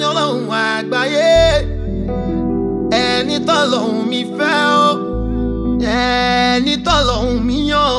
ní ọlọ́run àgbáyé ẹni tọ́lọ́run mi fẹ́ o ẹni tọ́lọ́run mi yàn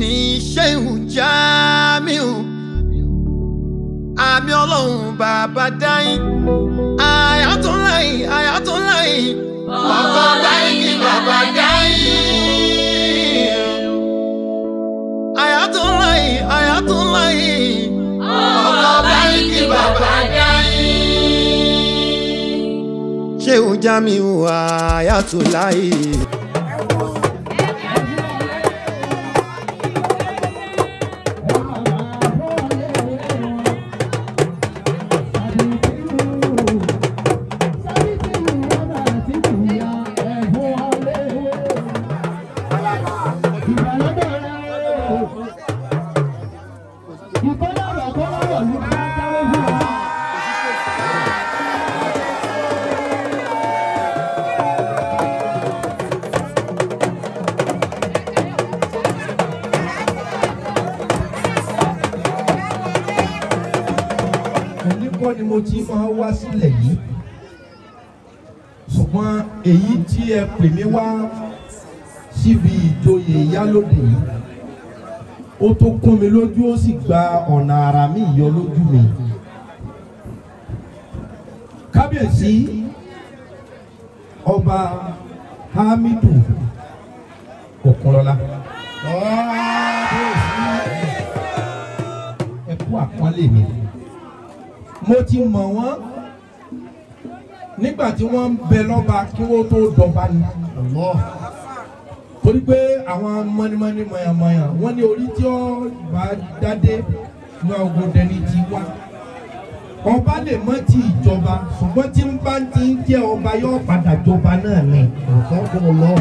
ní Ṣéhù Jámíù àmì ọlọ́run bàbá dáìn Ayatollah Ayatollah bàbá dáìn ni bàbá dáìn Ayatollah Ayatollah. Bàbá ní bàbá dá. Shehu Jamiu Ayatollah. ni mo ti máa wá sílẹ̀ yìí ṣùgbọ́n èyí tí ẹ pè mí wá síbi ìjòyè ìyálòdè yìí ó tó kún mi lójú ó sì gba ọ̀nà àrà mi yọ lójú mi kábíyèsí ọba Hamidu Òkúnlọ́lá. ẹ àpọ́nlé mi mo ti mọ̀ wọ́n nígbà tí wọ́n bẹ lọ́ba kí wọ́n tó dọ̀ba ni. torí pé àwọn mọ́nímọ́ní mọ̀yàmọ̀yà wọ́n ní orí tí ó bá dádé ní ọgọ́dẹ ni ti wá. ọba lè mọ ti ìjọba ṣùgbọ́n tí ń bá ti ń jẹ́ ọba yóò padà jọba náà ni. ọ̀sán kò lọ.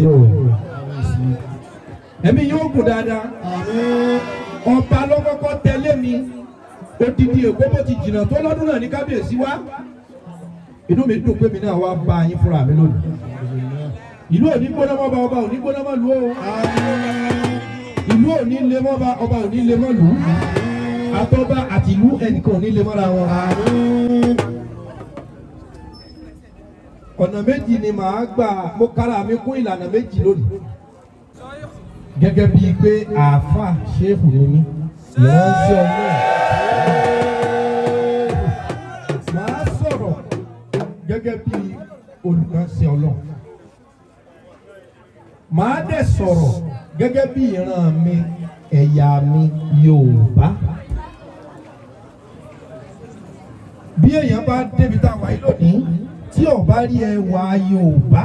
sí o ẹ̀mí yóò kù dáadáa ọba ló kọ́kọ́ tẹ̀lé mi odidi èkó bó ti jìnnà tó lọ́dún náà ní kábíyèsí wa inú mi dùn pé mi náà wá bá yín fúnra mi lónìí ìlú òní gbóná mọ́ ba ọba òní gbóná mọ́ lù ó ìlú òní lé mọ́ ba ọba òní lé mọ́ lù ú àtọ́ba àtìlú ẹnìkan òní lé mọ́ra wọn. ọ̀nà méjì ni màá gbà mo kára mi kún ìlànà méjì lónìí gẹ́gẹ́ bíi pé àáfà ṣéèfù ni mí mò ń ṣe ọmọ ẹ̀. màá sọ̀rọ̀ gẹ́gẹ́ bíi olùkànṣe ọlọ́run màá dẹ̀ sọ̀rọ̀ gẹ́gẹ́ bí ìran mi ẹ̀yà mi Yorùbá. bí èèyàn bá débi táwa yìí lónìí tí ó bá rí ẹwà Yorùbá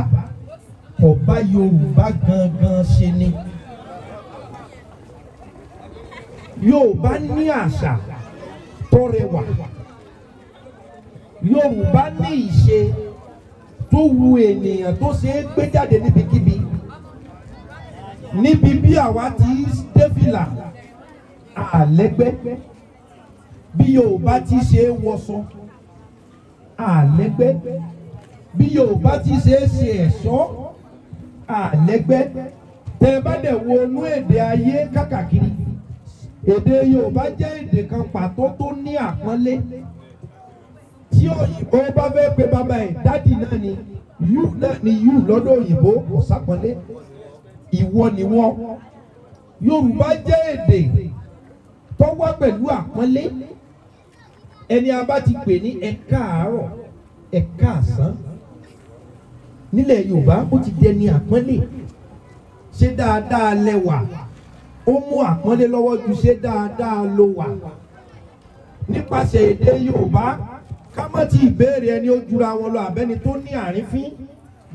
kò bá Yorùbá gangan ṣe ni Yorùbá ní àṣà tó rẹwà Yorùbá ní ìṣe tó wu ènìyàn tó ṣe é gbé jáde níbikíbi níbi bí àwa ti dé fìlà àlẹ́gbẹ́ bí Yorùbá ti ṣe é wọṣọ àlẹ́gbẹ́ bí Yorùbá ti ṣe é ṣe ẹ̀ṣọ́ àlẹ́gbẹ́ tẹ bá dẹ̀ wo inú èdè ayé kákàkiri èdè Yorùbá jẹ́ èdè kan pàtó tó ní àpọ́nlé tí òyìnbó bá fẹ́ pe bàbá ẹ̀ dádì náà ni yú náà ni yú lọ́dọ̀ òyìnbó kò sápọ́nlé ìwọ ni wọ́n Yorùbá jẹ́ èdè tó wá pẹ̀lú àpọ́nlé ẹni a bá ti pè ní ẹ káàárọ̀ ẹ káàsán nílẹ̀ Yorùbá ó ti dẹni àpọ́nlé ṣé dáadáa lẹ́wà ó mú àpọ́nlé lọ́wọ́ ju ṣé dáadáa ló wà nípasẹ̀ èdè Yorùbá ká má ti ìbéèrè ẹni ó jura wọn lọ àbẹ́ni tó ní àrífín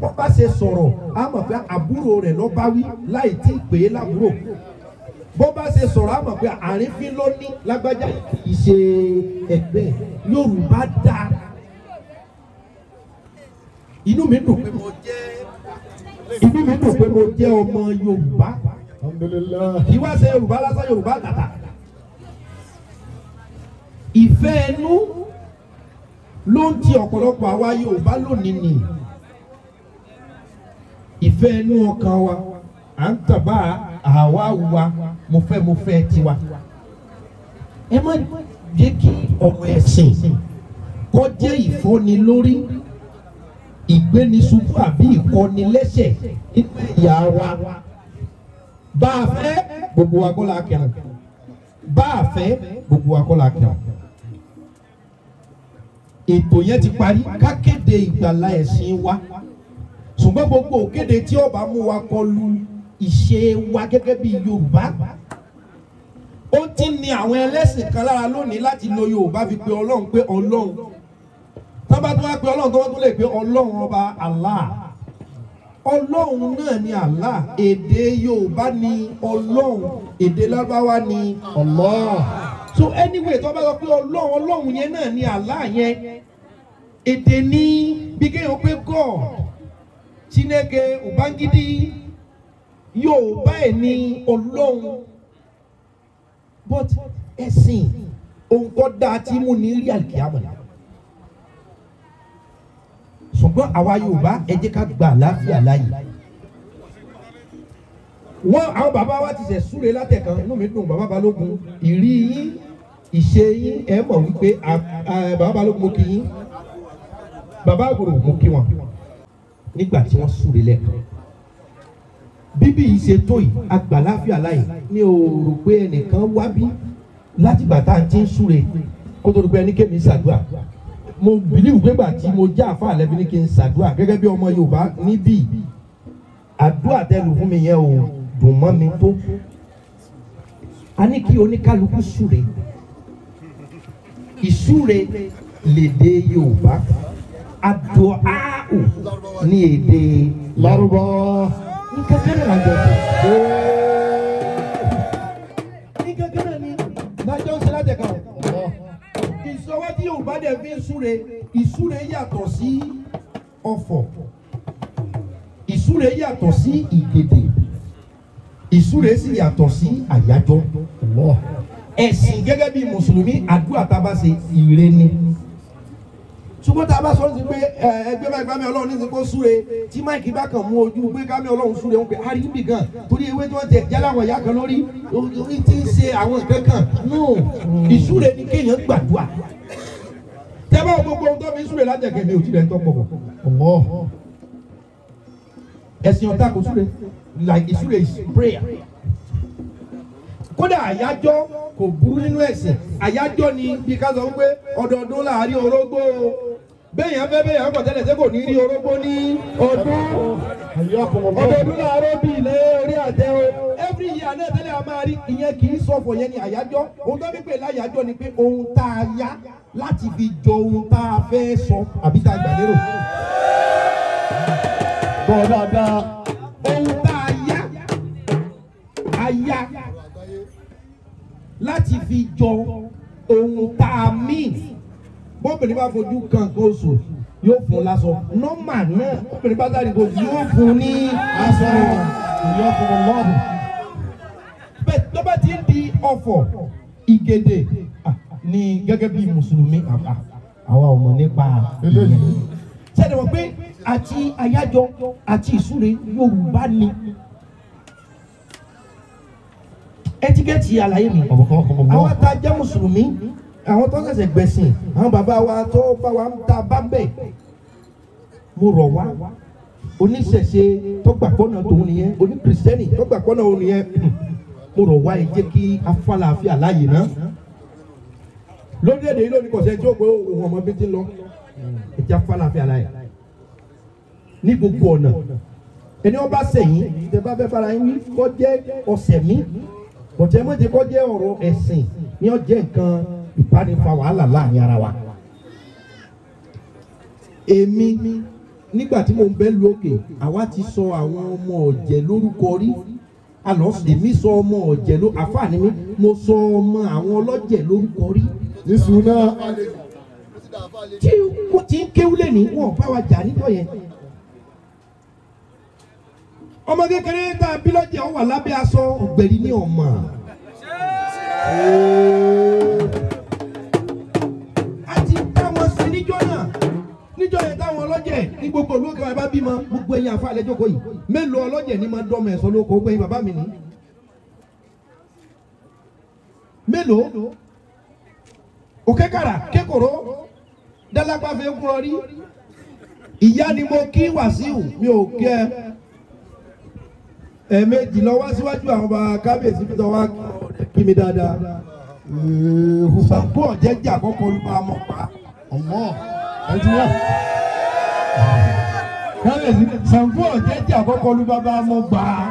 wọ́n bá ṣe sọ̀rọ̀ á mọ̀ pé àbúrò rẹ̀ ló bá wí láì tí ì pè é lábúrò bó bá ṣe sọ̀rọ̀ á pé àrífín ló ní lágbájá ìṣe ẹgbẹ́ Yorùbá dáa inú mi dùn pé mo jẹ́ inú mi dùn pé mo jẹ́ ọmọ Yorùbá kí wá ṣe Yorùbá lásán Yorùbá tàtà ìfẹ́ ẹnu ló ń ti ọ̀pọ̀lọpọ̀ àwa Yorùbá lónìí nì ìfẹ́ ẹnu ọkàn wa à ń tàbá àwa wa mo fẹ́ mo fẹ́ tiwa ẹ má jẹ́ kí ọ̀rọ̀ ẹ̀sìn kó jẹ́ ìfọ́nilórí ìgbénisubú àbí ìkọnilẹ́sẹ̀ nínú ẹ̀yà wa bá a fẹ́ gbogbo wa kọ́ la kẹ̀rọ̀ bá a fẹ́ gbogbo wa kọ́ la kẹ̀rọ̀ ètò yẹn ti parí ká kéde ìgbàlá ẹ̀sìn wa ṣùgbọ́n gbogbo òkéde tí ó bá mú wa kọlu ìṣe wa gẹ́gẹ́ bí Yorùbá ó ti ní àwọn ẹlẹ́sìn kan lára lónìí láti lo Yorùbá fi pe Ọlọ́run pé Ọlọ́run tó wá pé ọlọ́run tó wọ́n tó lè pé ọlọ́run ọba Allah ọlọ́run náà ni Allah èdè Yorùbá ni ọlọ́run èdè Lárúbáwá ni Allah so anyway tó bá sọ pé ọlọ́run ọlọ́run yẹn náà ni Allah yẹn èdè ní bí kéèyàn pé God Chineke Ubangiji Yorùbá ẹ̀ ni ọlọ́run but ẹ̀sìn ohun tó dáa tí mo ní rí àlùkìyàmọ̀ náà ṣùgbọ́n àwa Yorùbá ẹ jẹ́ ká gba àlàáfíà láàyè wọ́n àwọn bàbá wa ti ṣẹ̀ súre látẹ̀kan inú mi dùn bàbá balógun ìrí yín ìṣe yín ẹ mọ̀ wípé bàbá balógun mo kí yín bàbá àgbòrò mo kí wọn nígbà tí wọ́n súre lẹ́ẹ̀kan bíbí yìí ṣe tó yìí àgbà láàfíà láàyè ní o rò pé ẹnìkan wá bí látìgbà tá ń súre kó dùgbẹ́ ní kémi ṣàdúrà mo believe pé gbà mo já àfa àlẹ́bí ní kí n ṣàdúrà gẹ́gẹ́ bí ọmọ Yorùbá níbí àdúrà tẹ́lu fún mi yẹn o dùn mọ́ mi tó a ní kí oníkálukú súre ìsúre lédè Yorùbá àdùá ò ní èdè Lárúbáwá nǹkan kan náà lájọ ṣe nǹkan kan náà ní lájọ ṣe sọwọ́ tí Yorùbá dẹ̀ fi ń súre ìsúre yàtọ̀ sí ọ̀fọ̀ ìsúre yàtọ̀ sí ìdèdè ìsúre sì yàtọ̀ sí àyájọ́ ẹ̀sìn gẹ́gẹ́ bí mùsùlùmí àdúrà tá a bá ṣe ìre ni ṣùgbọ́n tá a bá sọ ní ti pé ẹgbẹ́ báyìí gbámi ọlọ́run ní ti kó súre tí máìkì bá kàn mú ojú pé gbámi ọlọ́run súre ń pè á rí níbì gan torí ewé tí wọ́n tẹ̀ jẹ́ láwọn ìyá kan lórí orí ti ń ṣe àwọn nǹkan kan no ìsúre ni kéèyàn gbàdúrà tẹ́bá gbogbo ohun tó fi súre lájẹ̀kẹ́ mi ò tilẹ̀ tó pọ̀ pọ̀ ẹ̀sìn ọ̀tá kò súre like ìsúre is prayer kódà àyájọ́ kò burú nínú ẹ̀sìn àyájọ́ ni bí ká sọ wípé ọdọọdún láàárín orógbó o bẹ́yàn fẹ́ bẹ́yàn kọ̀ tẹ́lẹ̀ sẹ́kò ní rí orógbó ní ọdún ọdọọdún láàárọ̀ bíi ilé orí àtẹ o every year náà tẹ́lẹ̀ a máa rí ìyẹn kì í sọ̀fọ̀ yẹn ni àyájọ́ ohun tó fi pè láyájọ́ ni pé ohun tá a yá láti fi jọ ohun tá a fẹ́ sọ àbí tá a gbà lérò. bọ́ dáadáa. ohun tá a yá a yá láti fi jọ ohun tá a mí bóbìnrin bá fojú kan kó sùn yóò fún lásọ nọ́mà náà bóbìnrin bá dárí kó yóò fún ní aṣọ ìyá ọkùnrin lọ́ọ̀bù. bẹ́ẹ̀ tó bá ti ń di ọ̀fọ̀ ìgèdè ni gẹ́gẹ́ bí mùsùlùmí àwa ò mọ̀ nípa eléyìí. sẹ́ni wọ́n pé àti àyájọ́ àti ìsúre Yorùbá ni ẹtíkẹ́tì àlàyé mi àwọn tá a jẹ́ mùsùlùmí àwọn tó ṣẹ̀ṣẹ̀ gbẹ̀sìn àwọn bàbá wa tó bá wa ń ta bá bẹ̀ mo rọ̀ wá oníṣẹ̀ṣe tọ́gbàpọ̀nà tòun nìyẹn oníkìrìsìtẹ́nì tọ́gbàpọ̀nà òun nìyẹn mo rọ̀ wá ẹ jẹ́ kí afálàáfíà láàyè náà lórílẹ̀‐èdè yìí lónìí kọ̀ọ̀sẹ̀ tí ó pé òun ọmọ bíi ti lọ ẹ jẹ́ afálàáfíà láàyè ní gbogbo ọ̀nà ẹni wọn bá sẹ̀yìn ìjọba fẹ́ fara yín kọ́ jẹ́ ọ̀sẹ̀ mi bọ̀tẹ́mọ̀tẹ́ kọ́ jẹ́ ọ̀rọ̀ ẹ̀sìn ni ó jẹ́ nǹkan ìbánifa wàhálà láàrin ara wa. èmi nígbà tí mo ń bẹ lu òkè àwa ti sọ àwọn ọmọ ọ̀jẹ̀ lórúkọ rí àná èmi sọ ọmọ ọ̀jẹ̀ ló àfààní mi mo sọ ọmọ àwọn ọlọ́jẹ̀ lórúkọ rí. nísù náà tí wọ́n ti ń kéwúlé ní wọn bá wa jà níjọ yẹn ọmọ kékeré tá a bí lọ́jẹ̀ ọ wà lábẹ́ aṣọ ọ̀gbẹ̀rì ní ọmọ. níjọ yẹn táwọn ọlọ́jẹ̀ ní gbogbo olú òkè wa bá bímọ gbogbo ẹ̀yin àfa àlẹ́ jókòó yìí mélòó ọlọ́jẹ̀ ní máa dọ́mọ ẹ̀sọ́ lóko ó gbẹ̀yìn bàbá mi ní. mélòó òkèkàrà kékòrò dálápàfẹ́ kúrọ rí ìyá ni mo kí Wàsíù mi ò kí ẹ ẹ̀ẹ̀mejì lọ wá síwájú àwọn ọba kábíyèsí fi tọ́ wá kí mi dáadáa ṣàǹkó ọ̀jẹ̀ jà kọ́kọ́ ló bá a mọ̀ pa ọ̀mọ́ ẹtì yá kábíyèsí Ṣàngó ọ̀jẹ̀jẹ̀ àkọ́kọ́ ló bàbá mọ́ gbà á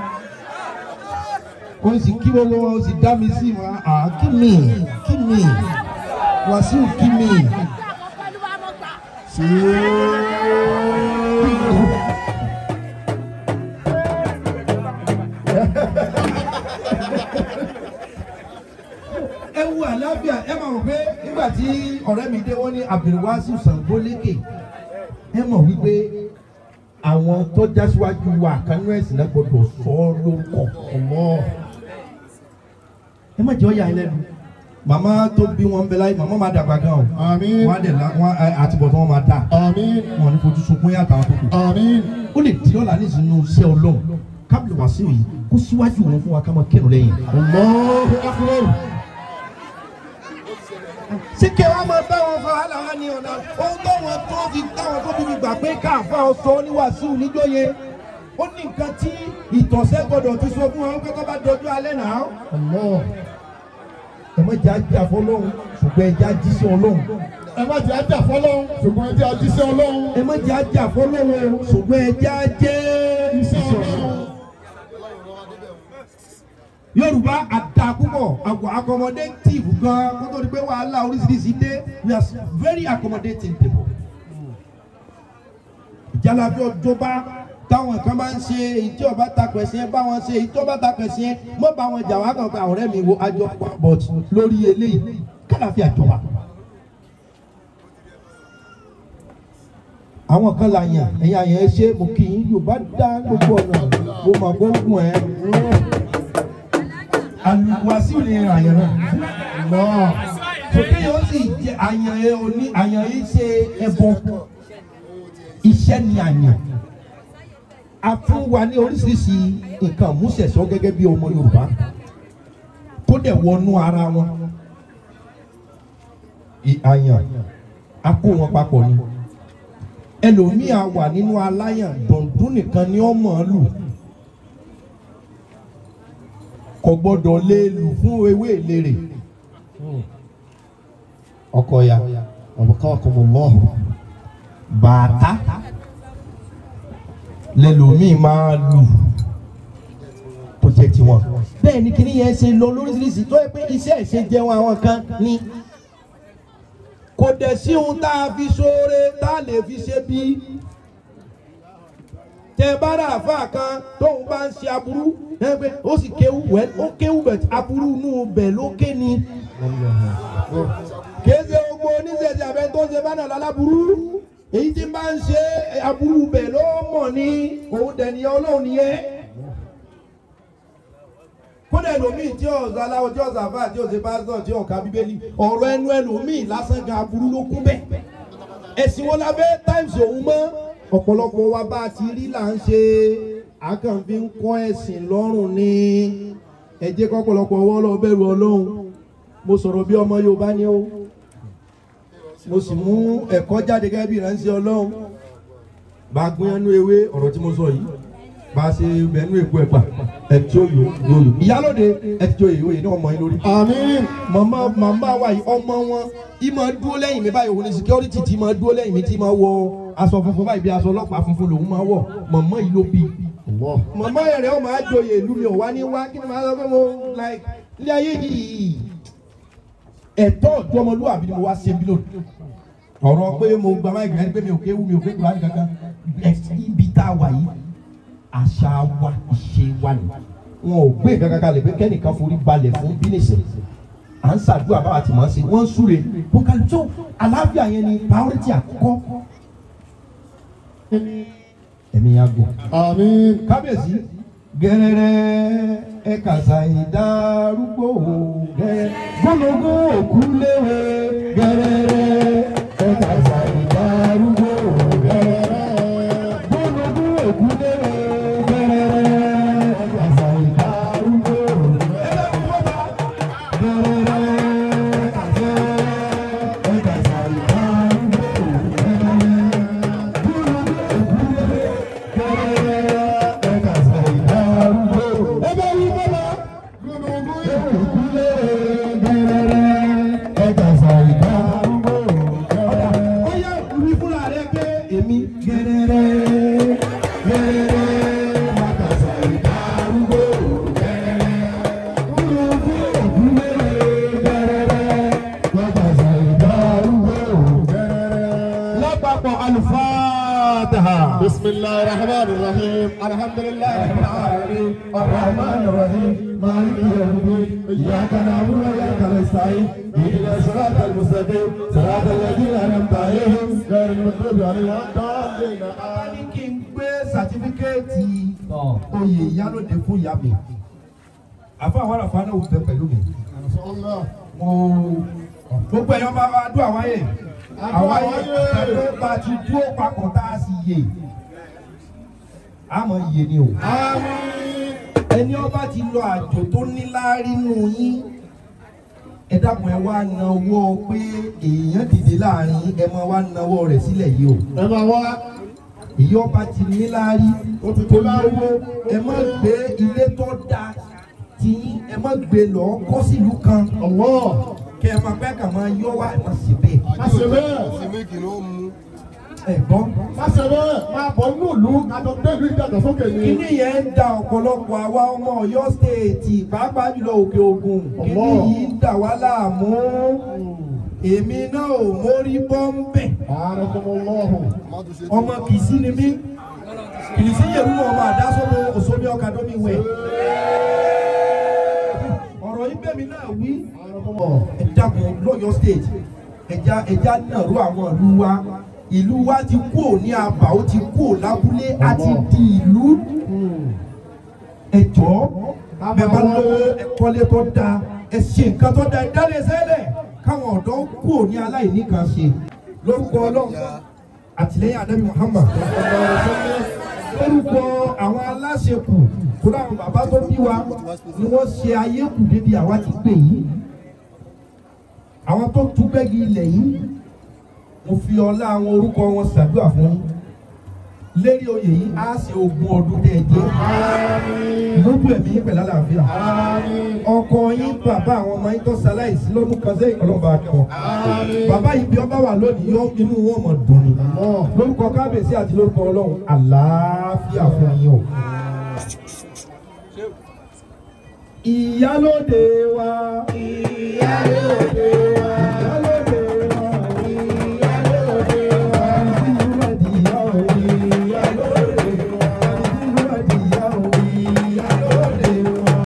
kò sì kí gbogbo wọn ó sì dá mi sí wọn à kí mi kí mi Wàsíù kí mi. Ṣé. ẹ wo àlàáfíà ẹ máa rò pé nígbà tí ọ̀rẹ́ mi dé wọ́n ní Abdulwasiu Sango Lékè ẹ mọ̀ wípé àwọn tó já síwájú wa àkànú ẹ̀sìn náà gbọdọ̀ sọ ọ́ lórúkọ ọmọ ẹ má jẹ́ ọ̀yà ẹ lẹ́nu màmá tó bí wọn bẹ láyé màmá máa dàgbà gan o. wọn á dẹ̀ la wọn àtibọ̀ tí wọn máa dà. àmín. wọn ní fojú sunkún yàtọ̀ àwọn tó kù. àmín. ó lè di ọ̀la nísìnyí iṣẹ́ ọlọ́run kábílì Wasiu yìí kó síwájú wọn fún wa ká máa kẹ́nu lẹ́yìn. Allahu akbar tí kí wọ́n máa báwọn fa wàhálà ní ọ̀nà ohun táwọn tó fi táwọn tó fi gbà pé káàfà ọ̀sọ́ oníwàásù níjọ́yẹ ó ní nǹkan tí ìtọ̀sẹ́ gbọ́dọ̀ ti sọ fún wọn pé kó bá dojú alẹ́ náà. ọmọ ẹ má jẹ́ fọlọ́hún ṣùgbọ́n ẹ jẹ́ sí ọlọ́hún. ẹ má jẹ́ fọlọ́hún ṣùgbọ́n ẹ jẹ́ sí ọlọ́hún. ẹ má jẹ́ fọlọ́hún ṣùgbọ́n ẹ jẹ́ ajé yorùbá àdàkùkọ àwọn accommodative gan kó tó di pé wàhálà oríṣiríṣi dé we are very accommodating people. ìjàlàbí ọjọba táwọn kan bá ń ṣe èyí tí ọba takọ̀ ẹ̀sìn ẹ̀ bá wọn ṣe èyí tí ọba takọ̀ ẹ̀sìn ẹ̀ mọ́ bá wọn jà wá kan pé ọ̀rẹ́ mi wo àjọ but lórí eléyìí kálàfíà jọba. àwọn kan là yàn ẹ̀yà yẹn ṣe mo kì í Yorùbá dá gbogbo ọ̀nà mo mọ̀ gbógun ẹ̀ àlùwàsíù ni àyàn náà lọ sọkéyàn sì jẹ àyàn yẹn oní àyàn yìí ṣe ẹbọ iṣẹ́ ni àyàn a fún wa ní oríṣiríṣi nǹkan múṣẹ̀ṣọ́ gẹ́gẹ́ bí ọmọ Yorùbá kó dẹ̀ wọnú ara wọn àyàn a kó wọn papọ̀ ni ẹlòmíà wà nínú aláyàn dọ̀ndún nìkan ni ọmọ lù kò gbọ́dọ̀ lè lù fún ewé ìlérè ọkọ ya ọ̀bùkà ọkùnrin bàtà lẹ́lòmíì máa lù tó jẹ́ tiwọn. bẹ́ẹ̀ ni kìnìún yẹn ṣe lọ lóríṣiríṣi tó yẹ pé iṣẹ́ ìṣe jẹun àwọn kan ni kò dẹ̀ sí ohun tá a fi ṣoore tá a lè fi ṣe bí tẹ bá rà àfa kan tóun bá ń ṣe aburú ẹ pé ó sì kéwú wẹ ó kéwú bẹ aburú inú bẹ ló ké ni. kéde ogun oníṣẹ́sẹ́ abẹ́ tó ń ṣe bá nàlá láburú èyí tí bá ń ṣe aburú bẹ ló mọ̀ ní òun dẹ̀niyàn ọlọ́run nìyẹn. kódà ẹlòmíì tí ọ̀sán aláwọ̀ tí ọ̀sán àfáà tí ọ̀sán pásítọ̀ tí ọ̀ka bíbélì ọ̀rọ̀ ẹnu ẹlòmíì lásán gan aburú ló kún bẹ́ẹ̀ ẹ̀sìn wọn la fẹ́ times òun mọ́ ọ̀pọ̀lọpọ̀ wa bá a ti rí là ń ṣe àkànfi ń kọ́ ẹ̀sìn lọ́rùn ni ẹ jẹ́ kọ́pọ̀lọpọ̀ wọ́n lọ bẹ̀rù ọlọ́run mo sọ̀rọ̀ bí ọmọ Yorùbá ni ó mo sì mú ẹ̀kọ́ jáde gẹ́gẹ́ bí ìránṣẹ́ ọlọ́run bá gbìyànjú ewé ọ̀rọ̀ tí mo sọ yìí baasi mẹnu eku ẹgba ẹtí oyò oyò ìyálòde ẹtí oyè oyè ní ọmọ yín lórí. àmín. màmá màmá wa yìí ọmọ wọn yìí máa dúró lẹ́yìn mi báyìí òun ni security ti máa dúró lẹ́yìn mi ti máa wọ aṣọ funfun báyìí bí aṣọ ọlọ́pàá funfun lòun máa wọ̀ màmá yìí ló bí. màmá yẹn rẹ̀ ó máa joyè ìlú mi ò wá ní wá kí ni màá mo like ilé ayé yìí ẹ̀tọ́ ọ̀dọ́ ọmọlúwàbí ni mo wá ṣe bí lónìí ọ̀rọ̀ mo gba máìkì rẹ̀ pé mi ò kéwu mi ò kéwu rárá kankan ibi tá a wà yìí àṣà wa ìṣe wa ni wọn ò gbé kankan kalẹ̀ pé kẹ́nìkan forí balẹ̀ fún bínísì à ń ṣàdúrà báwa ti máa ń ṣe wọ́n ń súre bó ká tó àlàáfíà yẹn ni priority àkọ́kọ́ ẹ̀mí ya gbọ́. àmín kábíyèsí gẹ́rẹ́rẹ́ ẹ̀ka ṣàìdárúgbò gẹ́rẹ́ gbọ́dọ̀gbọ́ òkú léwe. بسم الله الرحمن الرحيم الحمد لله رب العالمين الرحمن الرحيم مالك يوم الدين إياك نعبد وإياك نستعين اهدنا الصراط المستقيم صراط الله bàbá ní kí n gbé sàtífíkẹ́ẹ̀tì oyè ìyálòde fún ìyá mi àfa àwọn àfa náà bẹ pẹ̀lú mi. gbogbo ẹ̀yọ́ máa ma dún àwáyé àwáyé pẹ̀lú bá ti dúró papọ̀ tá a sì yè àmọ́ iye ni o. ẹni ọba ti lọ àjò tó ní láárí nù yín ẹ dákun ẹ wá nawọ́ pé èèyàn dìde láàrin ẹ máa wá nawọ́ rẹ̀ sílẹ̀ yìí o. ẹ máa wá ìyọba ti ní láárí kò lówó ẹ má gbé ilé tó dáa tí ẹ má gbé lọ kọ́ sílùú kan ọ̀wọ́ kẹ ẹ máa pẹ́ kà máa yọ wá ẹ má ṣe bẹ́ẹ̀. má ṣe bẹ́ẹ̀. ṣe méjì ló mú ẹ̀gbọ́n. má ṣe bẹ́ẹ̀ máa bọ̀ nínú ìlú àjọ débi ìdàgbàsókè ni. kíní yẹn ń da ọ̀pọ̀lọpọ̀ àwa ọmọ ọ̀yọ́ stéètì pàápàá jùlọ òkè ògùn kíní yìí ń dà wá láàmú èmi náà ò mórí bọ́m̀bẹ̀. ọmọ kìsí ni mí kìsí yẹ̀rú ọmọ àdásọ́dọ̀ òṣòmí ọ̀kadọ́mí wẹ̀. ọ̀rọ̀ yìí bẹ́ẹ̀ mi náà wí ẹ dákun lọ́yọ̀ state ẹja ẹja náà rú àwọn ìlú wa ìlú wa ti kú ò ní abà ó ti kú ò lábúlé a ti di ìlú hmm. ẹjọ́ bẹ́ẹ̀ bá lówó ẹ̀kọ́lé tó dáa ẹ ṣe nǹkan tó dáa ìdálé sẹ́lẹ̀ káwọn ọ̀dọ́ kú ò ní aláìní kan ṣe lórúkọ ọlọ́run àtìlẹ́yìn ànábì Muhammad lórúkọ àwọn aláṣẹ kù kó láwọn bàbá tó bí wa ni wọ́n ṣe ayé kù débi àwa ti pè yìí àwọn tó tún gbẹ́gi ilẹ̀ yìí mo fi ọlá àwọn orúkọ wọn ṣàdúrà fún yín lérí oyè yìí á ṣe ogún ọdún dé lójú ẹ̀mí yín pẹ̀lú àlàáfíà ọkọ yín bàbá àwọn ọmọ yín tó ṣaláìsí lọ́dún kan sẹ́yìn ọlọ́ba bàbá yìí bí ọba wà lónìí yọ inú wọn mọ̀ dùn lórúkọ kábíyèsí àti lórúkọ ọlọ́run àlàáfíà fún yín o. ìyálóde wa ìyálóde wa.